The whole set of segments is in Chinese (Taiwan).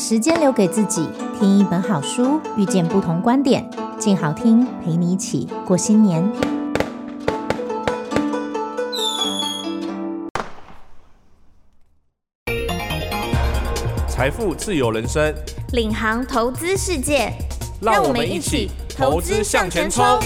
時間留給自己，聽一本好書，遇見不同觀點，靜好聽，陪你一起過新年。財富自由人生，領航投資世界，讓我們一起投資向錢衝。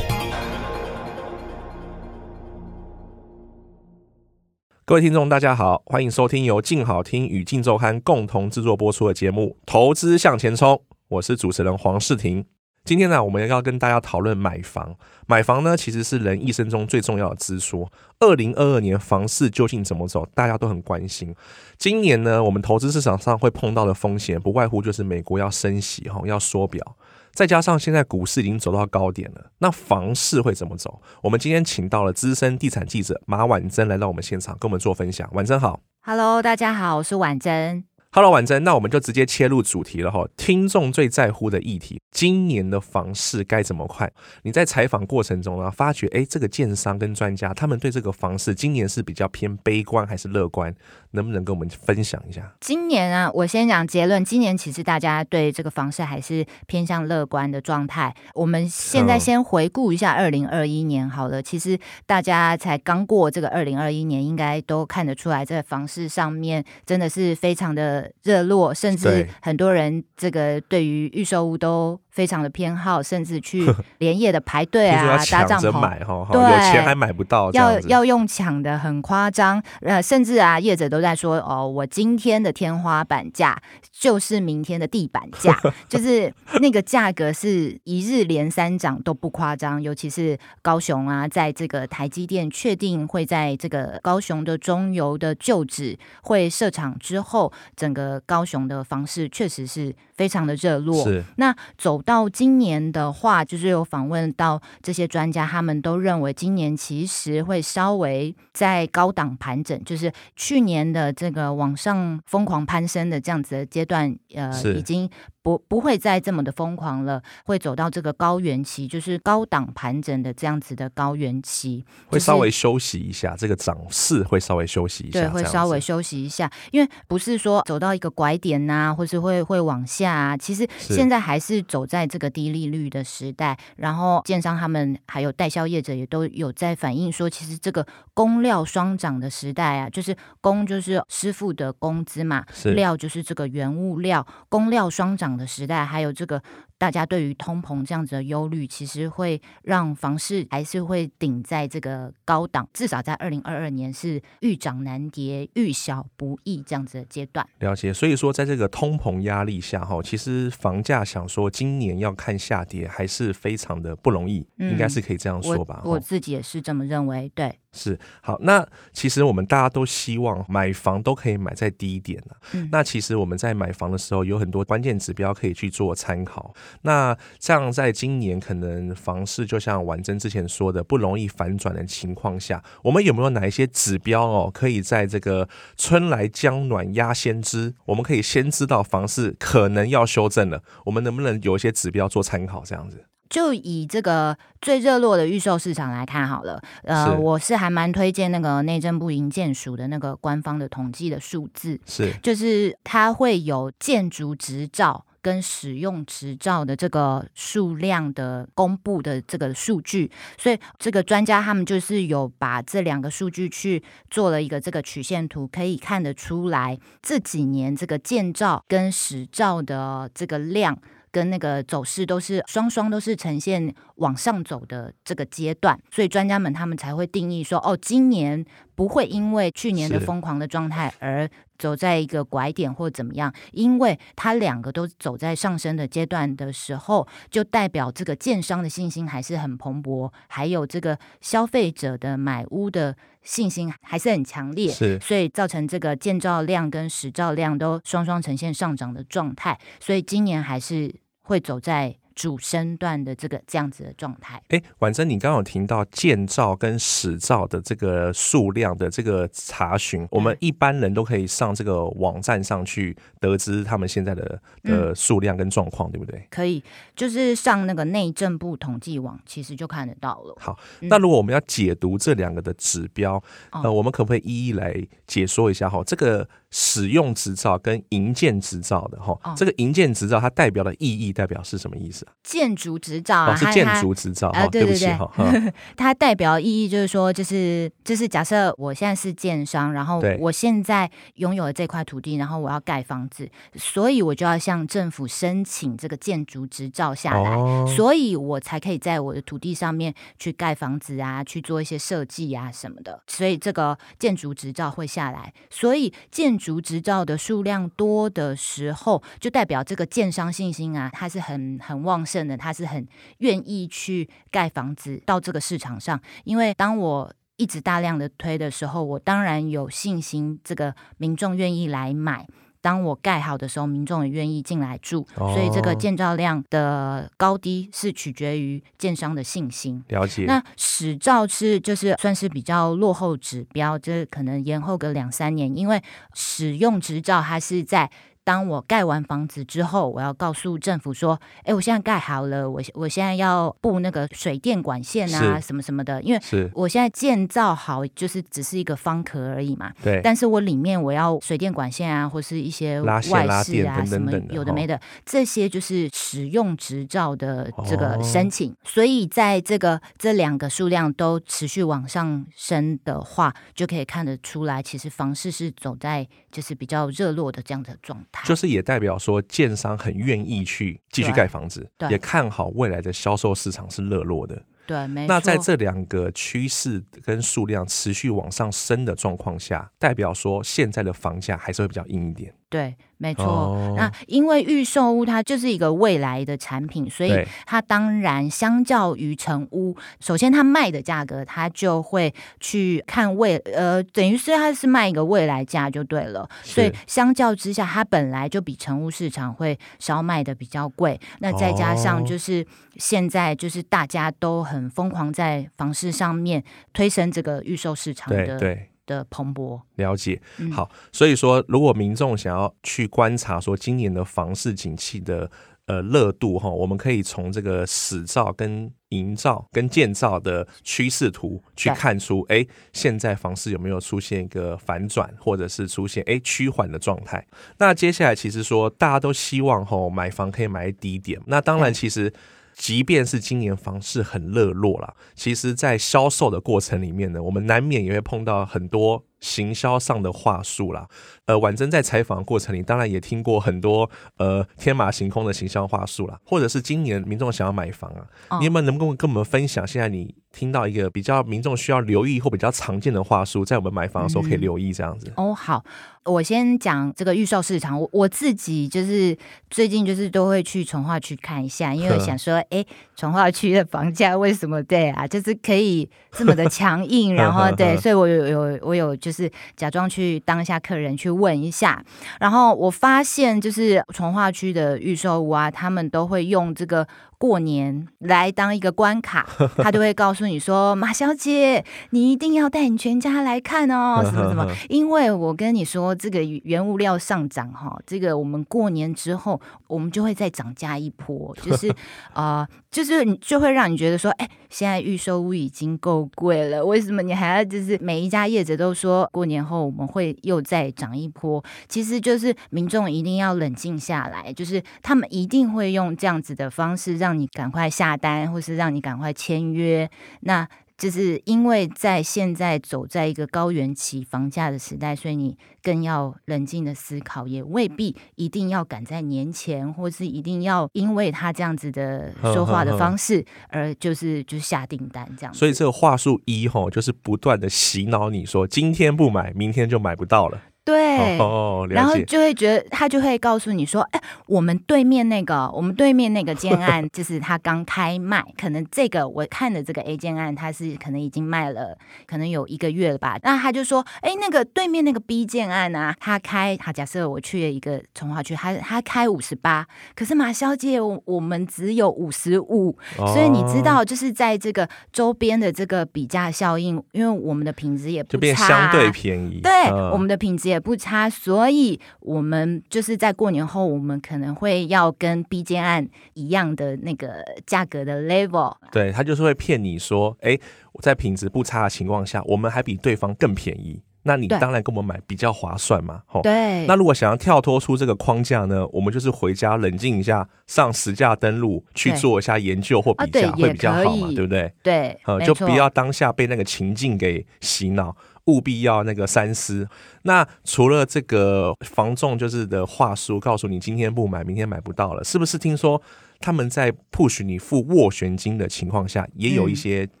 各位聽眾，大家好，歡迎收聽由靜好聽與靜周刊共同制作播出的節目《投資向錢衝》，我是主持人黃世廷。今天呢，我們要跟大家討論買房。買房呢，其實是人一生中最重要的支出。二零二二年房市究竟怎麼走，大家都很關心。今年呢，我們投資市場上會碰到的風險，不外乎就是美國要升息，哈，要縮表。再加上現在股市已經走到高點了，那房市會怎麼走？我們今天請到了資深地產記者馬婉珍來到我們現場，跟我們做分享。婉珍好，Hello，大家好，我是婉珍。Hello，婉珍，那我們就直接切入主題了哈。聽眾最在乎的議題，今年的房市該怎麼看？你在採訪過程中呢，發覺誒，這個建商跟專家他們對這個房市今年是比較偏悲觀還是樂觀？能不能跟我們分享一下？今年啊，我先講結論，今年其實大家對這個房市還是偏向樂觀的狀態。我們現在先回顧一下二零二一年好了。嗯，其實大家才剛過這個二零二一年，應該都看得出來，在房市上面真的是非常的。熱絡，甚至很多人這個對於預售屋都非常的偏好，甚至去連夜的排隊啊， 是搭帳篷買，哦，對，有錢還買不到，要要用搶的很誇張。呃，甚至啊，業者都在說哦，我今天的天花板價就是明天的地板價， 就是那個價格是一日連三漲都不誇張。 尤其是高雄啊，在這個台積電確定會在這個高雄的中油的舊址會設廠之後，整個高雄的房市確實是。非常的熱絡，是，那走到今年的話，就是有訪問到這些專家，他們都認為今年其實會稍微在高檔盤整，就是去年的這個往上瘋狂攀升的這樣子的階段，呃，已經。不不會再這麼的瘋狂了，會走到這個高原期，就是高檔盤整的這樣子的高原期，就是，會稍微休息一下，這個漲勢會稍微休息一下，對，會稍微休息一下，因為不是說走到一個拐點吶，啊，或是會會往下，啊，其實現在還是走在這個低利率的時代，然後建商他們還有代銷業者也都有在反映說，其實這個工料雙漲的時代啊，就是工，就是師傅的工資嘛，料就是這個原物料，工料雙漲。的時代，還有這個。大家對於通膨這樣子的憂慮，其實會讓房市還是會頂在這個高檔，至少在二零二二年是遇漲難跌、遇小不易這樣子的階段。了解，所以說在這個通膨壓力下，哈，其實房價想說今年要看下跌，還是非常的不容易。嗯，應該是可以這樣說吧。我，我自己也是這麼認為，對，是好。那其實我們大家都希望買房都可以買在低一點啊，嗯，那其實我們在買房的時候，有很多關鍵指標可以去做參考。那這樣，在今年可能房市就像婉珍之前說的，不容易反轉的情況下，我們有沒有哪一些指標哦，可以在這個“春來江暖鴨先知”，我們可以先知道房市可能要修正了。我們能不能有一些指標做參考？這樣子，就以這個最熱絡的預售市場來看好了。呃，是我是還蠻推薦那個內政部營建署的那個官方的統計的數字，是，就是它會有建築執照。跟使用執照的這個數量的公布的這個數據，所以這個專家他們就是有把這兩個數據去做了一個這個曲線圖，可以看得出來這幾年這個建照跟使照的這個量跟那個走勢都是雙雙都是呈現往上走的這個階段，所以專家們他們才會定義說，哦，今年不會因為去年的瘋狂的狀態而。走在一個拐點或怎麼樣，因為它兩個都走在上升的階段的時候，就代表這個建商的信心還是很蓬勃，還有這個消費者的買屋的信心還是很強烈，是，所以造成這個建造量跟使照量都雙雙呈現上漲的狀態，所以今年還是會走在。主身段的這個這樣子的狀態，哎，婉珍，你剛剛有聽到建照跟使照的這個數量的這個查詢、嗯，我們一般人都可以上這個網站上去得知他們現在的、嗯、呃數量跟狀況，對不對？可以，就是上那個內政部統計網，其實就看得到了。好，那如果我們要解讀這兩個的指標，那、嗯呃、我們可不可以一一來解說一下哈？這個。使用執照跟營建執照的哈、哦，這個營建執照它代表的意義代表是什麼意思啊？建築執照是建築執照哈、哎哦呃，對對對，呵呵它代表意義就是說、就是，就是就是假設我現在是建商，然後我現在擁有了這塊土地，然後我要蓋房子，所以我就要向政府申請這個建築執照下來，哦、所以我才可以在我的土地上面去蓋房子啊，去做一些設計啊什麼的，所以這個建築執照會下來，所以建築。造執照的數量多的時候，就代表這個建商信心啊，它是很很旺盛的，它是很願意去蓋房子到這個市場上。因為當我一直大量的推的時候，我當然有信心，這個民眾願意來買。當我蓋好的時候，民眾也願意進來住，所以這個建造量的高低是取決於建商的信心。了解。那使照是就是算是比較落後指標，就是可能延後個兩三年，因為使用執照它是在。當我蓋完房子之後，我要告訴政府說：“哎，我現在蓋好了，我我現在要布那個水電管線啊，什麼什麼的，因為我現在建造好就是只是一個房殼，而已嘛。但是我裡面我要水電管線啊，或是一些外線啊拉拉，等等等等什麼的，有的沒的，哦、這些就是使用執照的這個申請。哦、所以在這個這兩個數量都持續往上昇的話，就可以看得出來，其實房市是走在就是比較熱絡的這樣的狀態。”就是也代表說，建商很願意去繼續蓋房子，對，對，也看好未來的銷售市場是熱絡的。對，沒錯。那在這兩個趨勢跟數量持續往上升的狀況下，代表說現在的房價還是會比較硬一點。對，沒錯。Oh. 那因為預售屋它就是一個未來的產品，所以它當然相較於成屋，首先它賣的價格，它就會去看未，呃，等於是它是賣一個未來價就對了。所以相較之下，它本來就比成屋市場會稍賣的比較貴。那再加上就是現在就是大家都很瘋狂在房市上面推升這個預售市場的。對。對。的蓬勃了解。好，所以說如果民眾想要去觀察說，今年的房市景氣的呃，熱度哈，我們可以從這個始造、跟營造、跟建造的趨勢圖去看出，誒，現在房市有沒有出現一個反轉，或者是出現誒趨緩的狀態？那接下來其實說，大家都希望吼買房可以買低點，那當然其實、嗯。即便是今年房市很熱絡了，其實，在銷售的過程裡面呢，我們難免也會碰到很多行銷上的話術啦，呃，婉珍在採訪過程裡，當然也聽過很多呃天馬行空的行銷話術啦，或者是今年民眾想要買房啊，oh. 你有沒有能夠跟我們分享？現在你聽到一個比較民眾需要留意或比較常見的話術，在我們買房的時候可以留意這樣子。哦、嗯，oh, 好，我先講這個預售市場，我我自己就是最近就是都會去重劃區看一下，因為我想說，哎、 欸，重劃區的房價為什麼對啊，就是可以這麼的強硬， 然後對，所以我有有我有就是。就是假裝去當一下客人去問一下，然後我發現就是重劃區的預售屋啊，他們都會用這個。過年來當一個關卡，他就會告訴你說：“馬小姐，你一定要帶你全家來看哦，什麼什麼，因為我跟你說，這個原物料上漲哈，這個我們過年之後，我們就會再漲價一波，就是啊、呃，就是你就會讓你覺得說，哎、欸，現在預售屋已經夠貴了，為什麼你還要就是每一家業者都說過年後我們會又再漲一波？其實就是民眾一定要冷靜下來，就是他們一定會用這樣子的方式。”讓你趕快下單，或是讓你趕快簽約，那就是因為在現在走在一個高原期房價的時代，所以你更要冷靜的思考，也未必一定要趕在年前，或是一定要因為他這樣子的說話的方式而，就是呵呵呵，而就是就是，下訂單這樣。所以這個話術一吼，就是不斷的洗腦你說，今天不買，明天就買不到了。對、哦，然後就會覺得他就會告訴你說：“哎、欸，我們對面那個，我們對面那個建案，就是他剛開賣， 可能這個我看的這個 A 建案，它是可能已經賣了，可能有一個月了吧。”那他就說：“哎、欸，那個對面那個 B 建案啊，他開，他假設我去了一個重劃區，他他開五十八，可是馬小姐，我我們只有五十五，所以你知道，就是在這個周邊的這個比價效應，因為我們的品質也不差，就變相對便宜，對，嗯、我們的品質也。”也不差，所以我們就是在過年後，我們可能會要跟 B 建案一樣的那個價格的 level。對，他就是會騙你說，哎、欸，我在品質不差的情況下，我們還比對方更便宜。那你當然跟我們買比較划算嘛，吼。對。那如果想要跳脫出這個框架呢，我們就是回家冷靜一下，上實價登錄去做一下研究或比較，啊、會比較好嘛，對不對？對、嗯。就不要當下被那個情境給洗腦，務必要那個三思。那除了這個防重就是的話術，告訴你今天不買，明天買不到了，是不是？聽說他們在 push 你付斡旋金的情況下，也有一些、嗯。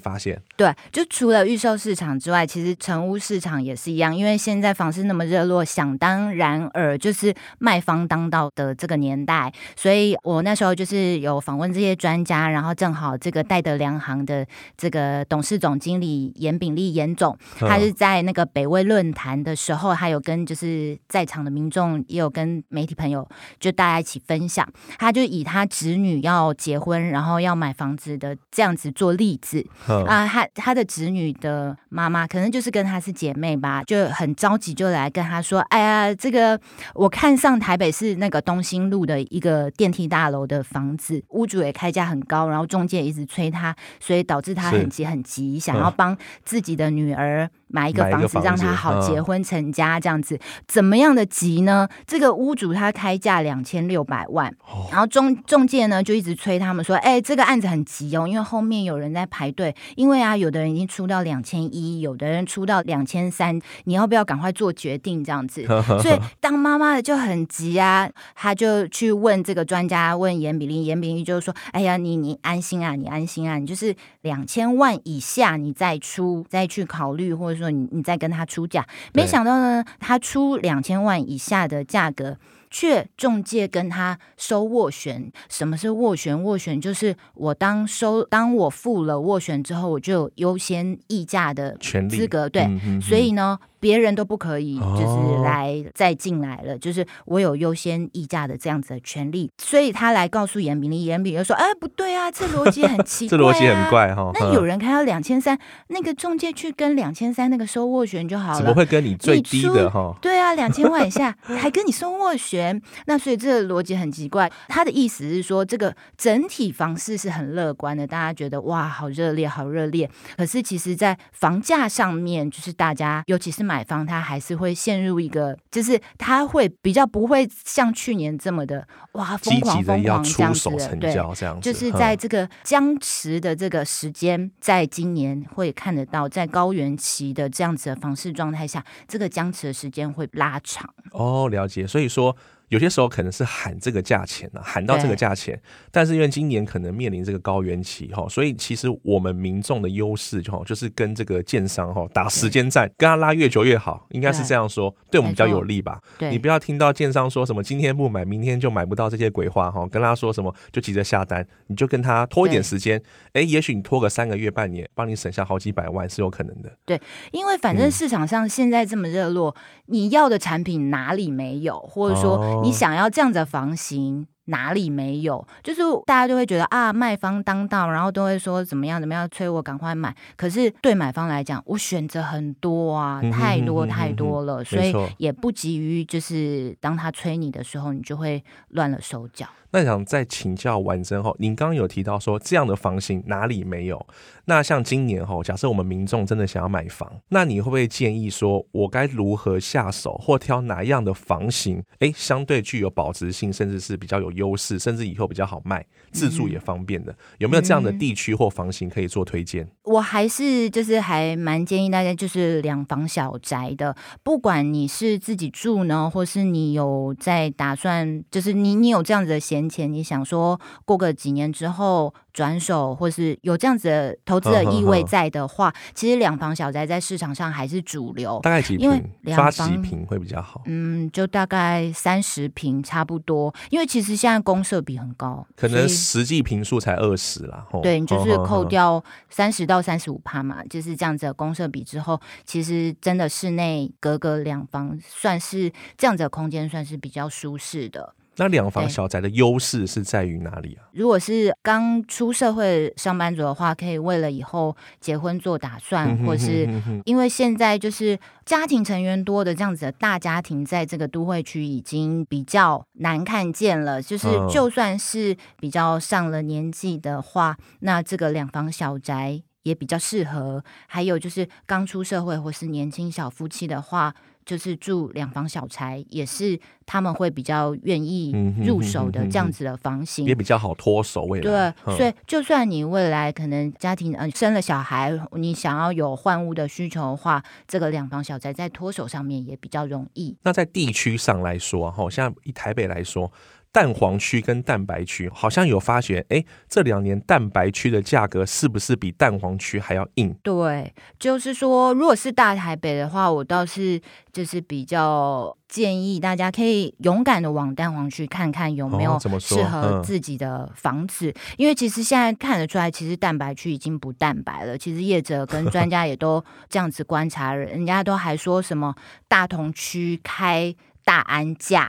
發現，對，就除了預售市場之外，其實成屋市場也是一樣，因為現在房市那麼熱絡，想當然爾就是賣方當道的這個年代，所以我那時候就是有訪問這些專家，然後正好這個戴德梁行的這個董事總經理嚴炳立嚴總，他是在那個北魏論壇的時候，他有跟就是在場的民眾也有跟媒體朋友就大家一起分享，他就以他侄女要結婚，然後要買房子的這樣子做例子啊、 呃，他他的子女的媽媽可能就是跟她是姐妹吧，就很着急就來跟他說：“哎呀，這個我看上台北市那個東興路的一個電梯大樓的房子，屋主也開價很高，然後中介一直催他，所以導致他很急很急，想要幫自己的女兒。” 買一個房子讓他好結婚成家這樣子，子嗯、怎麼樣的急呢？這個屋主他開價兩千六百萬，然後中中介呢就一直催他們說：“哎，欸，這個案子很急哦，因為後面有人在排隊，因為啊，有的人已經出到兩千一，有的人出到兩千三，你要不要趕快做決定？”這樣子，所以當媽媽的就很急啊，他就去問這個專家，問顏炳立，顏炳立就是說：“哎呀，你你安心啊，你安心啊，你就是兩千萬以下你再出，再去考慮，或者說。”你你再跟他出價，沒想到呢，他出兩千萬以下的價格，卻仲介跟他收斡旋。什麼是斡旋？斡旋就是我當收，當我付了斡旋之後，我就有優先議價的資格。對、嗯哼哼，所以呢。別人都不可以，就是來再進來了，oh. 就是我有優先議價的這樣子的權利，所以他來告訴顏炳立，顏炳立又說：“哎、欸，不對啊，這邏輯很奇怪、啊， 這邏輯很怪哈、哦。那有人開到兩千三，那個仲介去跟兩千三那個收斡旋就好了，怎麼會跟你最低的哈、哦？對啊，兩千萬以下 還跟你收斡旋，那所以這個邏輯很奇怪。他的意思是說，這個整體房市是很樂觀的，大家覺得哇，好熱烈，好熱烈。可是其實，在房價上面，就是大家尤其是買。買方他還是會陷入一個，就是他會比較不會像去年這麼的哇瘋狂瘋狂這樣子的積極的要出手成交這樣子對，這樣就是在這個僵持的這個時間、嗯，在今年會看得到，在高原期的這樣子的房市狀態下，這個僵持的時間會拉長。哦，了解，所以說。有些時候可能是喊這個價錢了，啊，喊到這個價錢，但是因為今年可能面臨這個高原期哈，所以其實我們民眾的優勢就哈，就是跟這個建商哈打時間戰，跟他拉越久越好，應該是這樣說對，啊，對我們比較有利吧？對，你不要聽到建商說什麼今天不買，明天就買不到這些鬼話哈，跟他說什麼就急着下單，你就跟他拖一點時間，欸、也許你拖個三個月半年，幫你省下好幾百萬是有可能的。對，因為反正市場上現在這麼熱絡，嗯，你要的產品哪裡沒有，或者說，哦。你想要這樣的房型？哪裡沒有？就是大家就會覺得啊，賣方當道，然後都會說怎麼樣怎麼樣催我趕快買。可是對買方來講，我選擇很多啊，太多太多了，嗯哼嗯哼，所以也不急於，就是當他催你的時候，你就會亂了手腳。那想再請教婉珍哦，您剛剛有提到說這樣的房型哪裡沒有？那像今年哈，假設我們民眾真的想要買房，那你會不會建議說我該如何下手，或挑哪樣的房型？哎，相對具有保值性，甚至是比較有。優勢，甚至以後比較好賣，自住也方便的，嗯、有沒有這樣的地區或房型可以做推薦？我還是就是還蠻建議大家就是兩房小宅的，不管你是自己住呢，或是你有在打算，就是你你有這樣子的閒錢，你想說過個幾年之後轉手，或是有這樣子的投資的意味在的話， 其實兩房小宅在市場上還是主流。大概幾坪？兩房幾坪會比較好？嗯，就大概三十坪差不多，因為其實。現在公設比很高，可能實際坪數才二十啦。對，你就是扣掉三十到三十五趴嘛，呵呵呵，就是這樣子的公設比之後，其實真的室內隔隔兩房，算是這樣子的空間，算是比較舒適的。那兩房小宅的優勢是在於哪裡啊？如果是剛出社會上班族的話，可以為了以後結婚做打算，或是因為現在就是家庭成員多的這樣子的大家庭，在這個都會區已經比較難看見了。就是就算是比較上了年紀的話，嗯、那這個兩房小宅也比較適合。還有就是剛出社會或是年輕小夫妻的話。就是住兩房小宅，也是他們會比較願意入手的這樣子的房型，也、嗯嗯、比較好脫手。未來對、嗯，所以就算你未來可能家庭嗯、呃、生了小孩，你想要有換屋的需求的話，這個兩房小宅在脫手上面也比較容易。那在地區上來說，好像以台北來說。蛋黃區跟蛋白區好像有發現，哎、欸，這兩年蛋白區的價格是不是比蛋黃區還要硬？對，就是說，如果是大台北的話，我倒是就是比較建議大家可以勇敢的往蛋黃區看看有沒有適合自己的房子，哦、嗯，因為其實現在看得出來，其實蛋白區已經不蛋白了。其實業者跟專家也都這樣子觀察， 人家都還說什麼大同區開。大安價，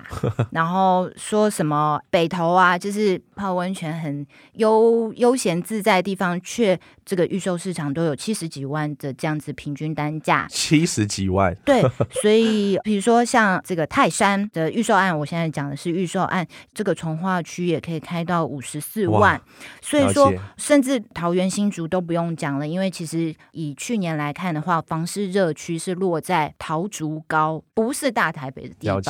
然後說什麼北投啊，就是泡溫泉很悠悠閒自在的地方，卻這個預售市場都有七十幾萬的這樣子平均單價，七十幾萬，對，所以比如說像這個泰山的預售案，我現在講的是預售案，這個重劃區也可以開到五十四萬，所以說甚至桃園新竹都不用講了，因為其實以去年來看的話，房市熱區是落在桃竹高，不是大台北的地方。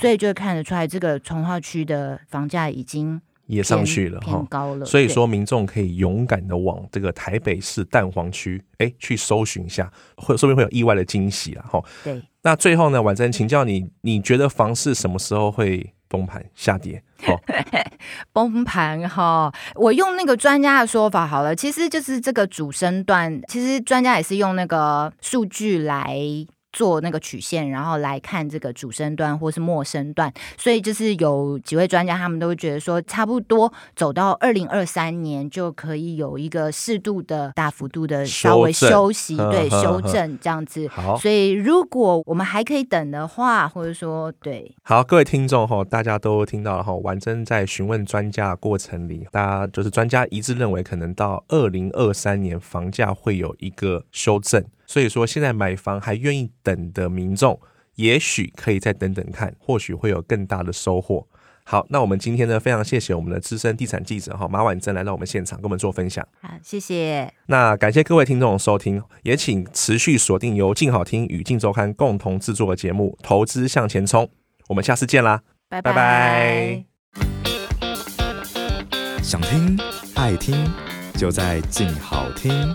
所以就看得出來，這個重劃區的房價已經也上去了，偏高了。哦、所以說，民眾可以勇敢的往這個台北市蛋黃區，哎、欸，去搜尋一下，會說不定會有意外的驚喜啊。哈、哦，對。那最後呢，婉珍，請教你，你覺得房市什麼時候會崩盤下跌？好、哦， 崩盤哈，我用那個專家的說法好了，其實就是這個主升段，其實專家也是用那個數據來。做那個曲線，然後來看這個主升段或是末升段，所以就是有幾位專家，他們都會覺得說，差不多走到二零二三年就可以有一個適度的大幅度的稍微休息，對，呵呵呵，修正這樣子好。所以如果我們還可以等的話，或者說對，好，各位聽眾哈，大家都聽到了哈，婉珍在詢問專家的過程裡，大家就是專家一致認為，可能到二零二三年房價會有一個修正。所以說，現在買房還願意等的民眾，也許可以再等等看，或許會有更大的收穫。好，那我們今天呢，非常謝謝我們的資深地產記者哈馬婉珍來到我們現場，跟我們做分享。好，謝謝。那感謝各位聽眾收聽，也請持續鎖定由靜好聽與靜週刊共同製作的節目《投資向錢衝》，我們下次見啦，拜拜。想聽愛聽，就在靜好聽。